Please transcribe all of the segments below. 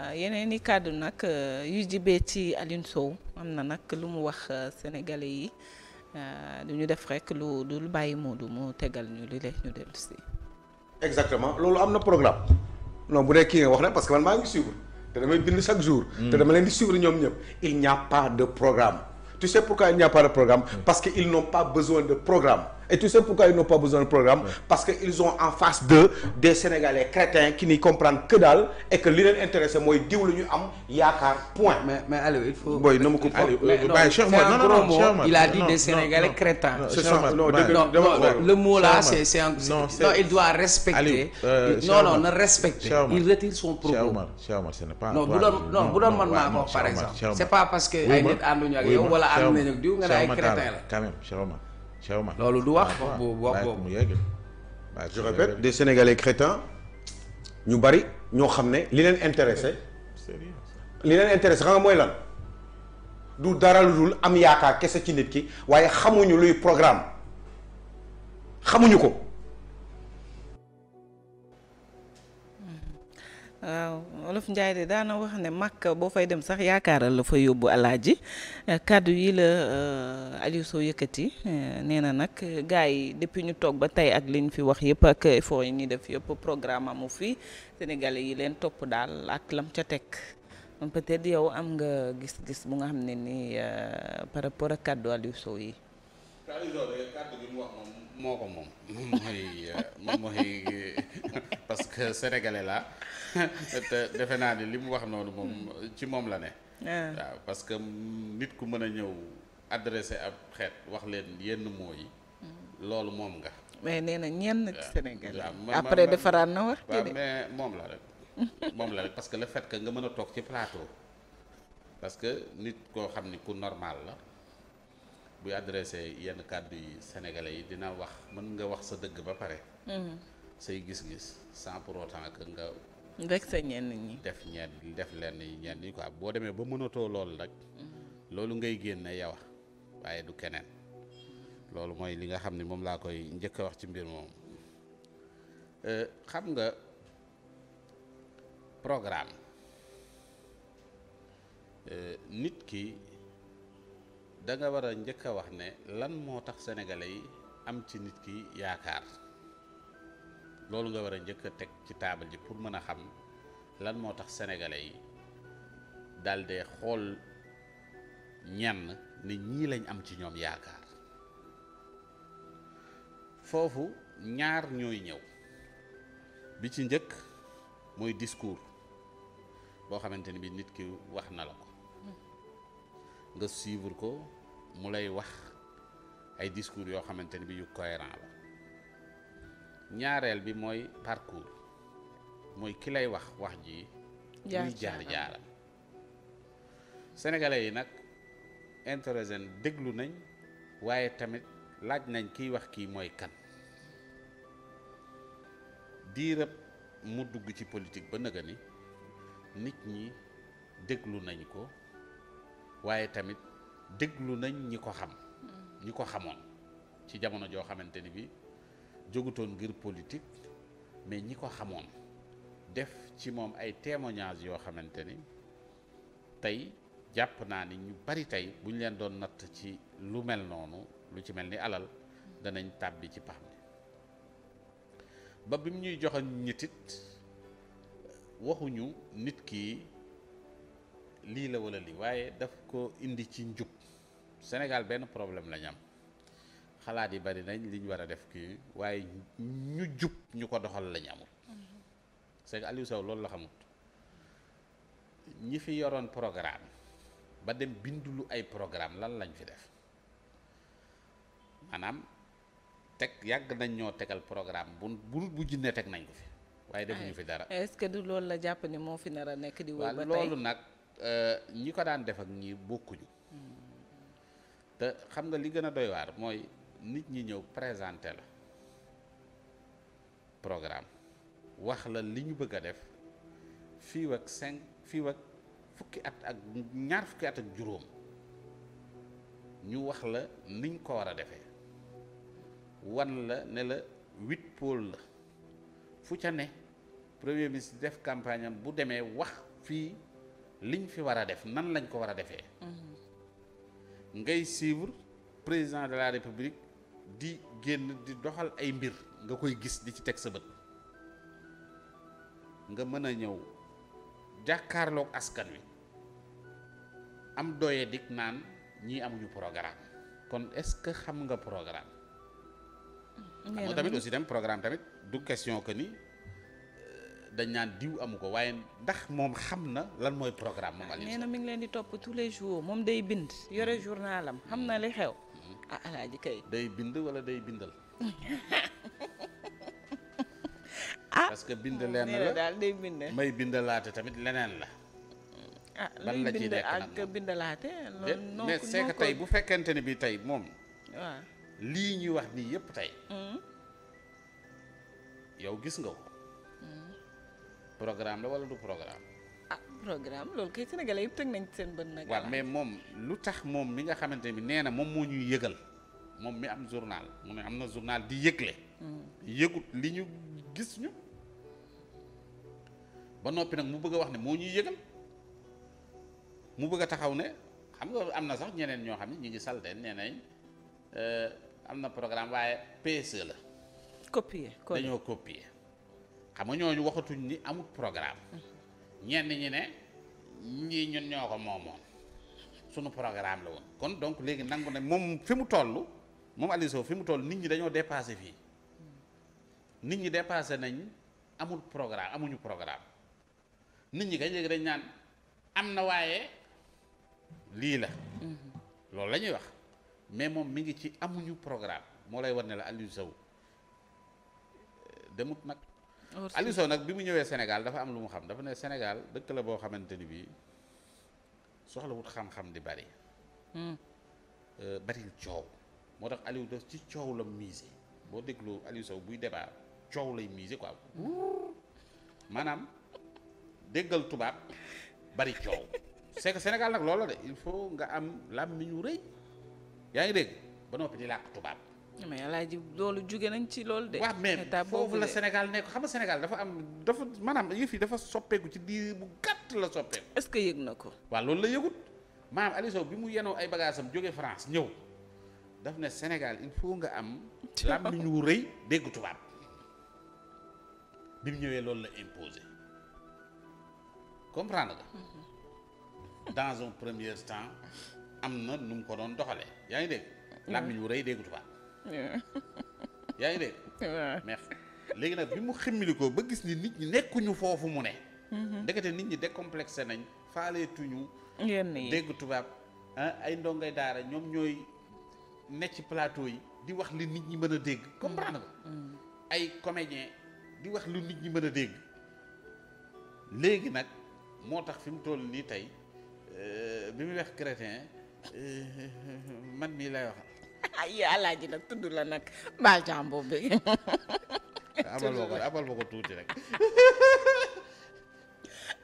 Euh, yeneen i kàddu nag euh, yu jibee ci Alioune Sow am na nag lu mu wax euh, sénégalais yi du ñu def rek lu dul bàyyi moo du mu tegal ñu li leen ñu dellu si. exactement loolu am na programme non bu dee kii nga wax na parce que man maa ngi suivre te damay bind chaque jour. Mm. te dama leen di suivre ñoom ñëpp il n'y a pas de programme tu sais pourquoi il n'y a pas de programme. Mm. parce que ils n'ont pas besoin de programme. et tu sais pourquoi ils n'ont pas besoin de programme parce que ils ont en face d'eux des sénégalais crétins qui n'y comprennent que dalle et que li leen intéressé mooy diw lu ñu am yaakaar point. mais mais Aliou il faut. booy na ma ko euh, non non non non il a dit des sénégalais crétins. non le mot là c'est un non il doit respecter. Euh, il retire son propos. non bu doon non bu doon mën maa ko par exemple. c'est pas parce que ay nit ànduñu ak yow wala ànduñu ak diw nga Cheikh loolu du wax ah, wax boobu wax boobu je répète des sénégalais crétins ñu bari ñoo xam ne li leen intéressé li leen intéressé xam nga mooy lan du dara lu dul am yaakaar kese ci nit ki waaye xamuñu luy programme xamuñu ko waaw olof Ndiaye de daana wax ne màkk boo fay dem sax yaakaaral la fa yóbbu alaaji eh, kàddu yi la eh, Aliou Sow yëkkati eh, nee na nag gars yi depuis ñu toog ba tey ak li ñu fi wax yëpp ak effort yi ñuy def yëpp programme amu fi sénégalais yi leen topp daal ak lam ca teg peut-être yow am nga gis-gis bu nga xam ne nii par rapport ak kàddu Aliou yi. moo ko moom moom mooy euh, moom mooy parce que sénégalais la te defe naa ni li mu wax noonu moom ci moom la ne ah. waaw parce que nit ku mën a ñëw adressé ab xeet wax leen yenn mots mm. loolu moom nga mais nee na ñenn ci sénégalais après defaraan na wax mais moom la rek moom la rek parce que le fait que nga mën a toog ci plateau parce que nit koo xam ni ku normal la buy adressé yenn kàddu yi sénégalais yi dina wax mën nga wax sa dëgg ba pare. Mm-hmm. say gis-gis sans pour autant que nga. rek sa ñenn ñi. def ñenn def lenn ñenn ñi quoi boo demee ba mënatoo loolu rek. Mm-hmm. loolu ngay génne yow waaye du keneen. loolu mooy li nga xam ni moom laa koy njëkk wax ci mbir moom euh, xam nga programme euh, nit ki. da nga war a njëkk a wax ne lan moo tax sénégalais yi am ci nit ki yaakaar loolu nga war a njëkk a teg ci taabal ji pour mën a xam lan moo tax sénégalais yi dalde xool ñenn ne ñii lañ am ci ñoom yaakaar foofu ñaar ñooy ñëw bi ci njëkk mooy discours boo xamante ni bi nit ki wax na la ko nga suivre ko mu lay wax ay discours yoo xamante ni bi yu cohérent la ñaareel bi mooy parcours mooy ki lay wax wax ji luy jaar jaaram sénégalais yi nag intéressé déglu nañ waaye tamit laaj nañ kiy wax kii mooy kan diirëb mu dugg ci politique ba nëga ni nit ñi déglu nañ ko waaye tamit déglu nañ ñi ko xam ñi ko xamoon ci jamono joo xamante ni bi jógutoon ngir politique mais ñi ko xamoon def ci moom ay témoignages yoo xamante ni tey jàpp naa ni ñu bari tey bu ñu leen doon natt ci lu mel noonu lu ci mel ni alal danañ tàbbi ci pax mi ba bi mu ñuy joxoon ñitit waxuñu nit ki lii la wala lii waaye daf ko indi ci njub Sénégal benn problème la am xalaat yi bari nañ li ñu war a def kii waaye ñu jub ñu ko doxal lañ ñu amul. c'est que Aliou loolu la xamut ñi fi yoroon programme ba dem bindulu ay programme lan lañ fi def maanaam teg yàgg nañ ñoo tegal programme bu bu bu teg nañ ko fi. waaye defuñu fi dara. est du loolu la jàpp ni moo fi nar nekk di. wër loolu nag. Euh, ñi ko daan def ak ñi bokkuñu. te xam nga li gën a doy waar mooy nit ñi ñëw présenté la programme wax la li ñu bëgg a def fii ak cinq fii ak fukki at ak ñaar fukki at ak juróom ñu wax la niñ ko war a defee wan la ne la huit pôle la fu ca ne premier ministre def campagne bu demee wax fii. liñ fi war a def nan lañ ko war a defee mhm. ngay suivre président de la république di génn di doxal ay mbir nga koy gis di ci teg sa bët nga mën a ñëw jàkkaarlook askan wi am doye dik naan ñii amuñu programme kon est-ce que xam nga programme xam mm, tamit aussi tam programme tamit du question que ni dañ naan diw amu ko waaye ndax moom xam na lan mooy programme ah, moom Alioune Sall nee na mi ngi leen di topp tous les jours moom day bind yore journalam xam na li xew mm-hmm. ah alaaji kay day bind wala day bindal ah parce que bind leen bind may bindalaate tamit leneen la ah, la ciy nekk ak loolu mais c'est que tey bu fekkente ne bi tey moom lii ñuy wax nii yëpp tey mm-hmm. yow gis nga ko mm-hmm. programme la wala du programme. ah programme loolu kay sénégalais yëpp teg nañ seen bët nag. waaw mais moom lu tax moom mi nga xamante ni nee na moom moo ñuy yëgal moom mi am journal mu ne am na journal di yëgle. Hmm. yëgut li ñu gis ba noppi nag mu bëgg a wax ne moo ñuy yëgal mu bëgg taxaw ne xam nga am na sax ñeneen ñoo xam ne ñu ngi salteen nee nañ euh, am na programme waaye PSE la. copier dañoo copier. xam nga ñooñu waxatuñ ni amut programme ñenn ñi ne ñii ñun ñoo ko moomoon sunu programme la woon kon donc léegi nangu na moom fi mu toll moom Aliou fi mu toll nit ñi dañoo dépassé fii nit ñi dépassé nañ amul programme amuñu programme nit ñi kay léegi dañ naan am na waaye lii la mm-hmm. loolu la ñuy wax mais moom mi ngi ci amuñu programme moo lay war ne la Aliou Sow euh, demut nag Aliou Sow nag bi mu ñëwee Sénégal dafa am lu mu xam dafa ne Sénégal dëkk la boo xamante ni bii soxlawut xam-xam di bari. Hmm. Euh, baril coow moo tax Aliou daf ci coow la mise boo déglu Aliou Sow buy débat coow lay mise quoi maanaam déggal tubaab bari coow c'est Sénégal nag loola de il faut nga am mi ñu rëy yaa ngi dégg ba noppi di làkk tubaab. mais alaaji loolu jóge nañ ci loolu de. waaw mais foofu la Sénégal nekk xam nga Sénégal dafa am dafa maanaam yëf yi dafa soppeeku ci diir bu gàtt la soppeeku. est-ce que yëg na ko. waaw loolu la yëgut maanaam Aliou Sow bi mu yenoo ay bagages am jóge France ñëw daf ne Sénégal il faut nga am. làmmiñ wu rëy dégg tubaab mu ñëwee loolu la imposé comprendre nga. Mm-hmm. dans un am na nu ko doon doxalee yaa ngi dégg. Mm-hmm. làmmiñ wu rëy dégg tubaab. yaa ngi dégg. waaw merci léegi nag bi mu ximmilikoo ba gis ni nit ñi nekkuñu foofu mu ne. Mm-hmm. ndekete nit ñi de décomplexé nañ faaleetuñu. yenn yi dégg tubaab ah, ay ndongoy daara ñoom ñooy ne ci plateau yi di wax li nit ñi mën a dégg. comprendre nga. Mm-hmm. ay comédien di wax lu nit ñi mën a dégg. léegi nag moo tax fi mu toll nii tey euh, bi muy wax crétin euh, man mii lay wax. ay ji nag tudd la nag baal jàmbur bi. abal ma ko tuuti rek.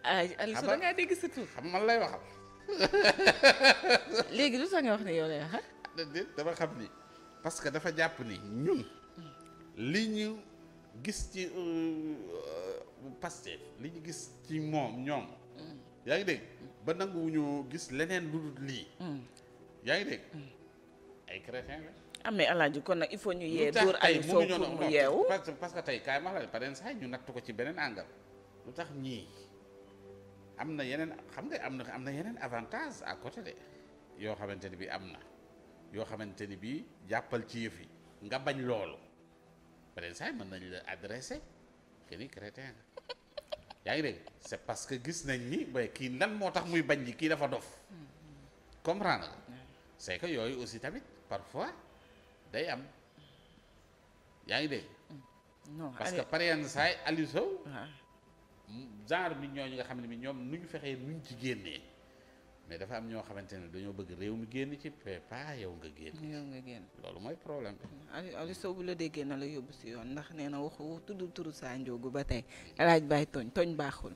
ay Aliou da dégg sa tur. xam man lay waxal. léegi lu tax nga wax ne yow lay wax dama xam ni parce que dafa jàpp ni ñun. li ñu gis ci euh, euh, Pastef li ñu gis ci moom ñoom. Mm. yaa ngi dégg ba nanguwuñu gis leneen lu dul lii. Mm. yaa ngi dégg. Mm. ay chrétien la. ah mais alaaji kon nag il faut ñu yee. dóor ay soo pour tey kaay ma la par exemple ñu natt ko ci beneen angle. lu tax ñii am na yeneen xam nga am na am na yeneen avantage à côté de yoo xamante ni bi am na yoo xamante ni bi jàppal ci yëf yi nga bañ loolu par exemple mën nañ la adressé que ni yaa ngi dégg c'est parce que gis nañ ni bay kii nan moo tax muy bañ ji kii dafa dof comprendre nga c'est que yooyu aussi tamit parfois day am yaa ngi dégg. non parce que pare yenn saa yi Aliou Sow ah. genre nit ñooñu nga xam ne ñoom nu ñu fexee nu ñu ci génnee mais dafa am ñoo xamante ne dañoo bëgg réew mi génn ci pas yow nga génn. yow nga génn loolu mooy problème bi. Aliou Aliou Sow bu la déggee na la yóbbu si yoon ndax nee na waxu tudd turu saa njóogu ba tey El Hadj tooñ tooñ baaxul.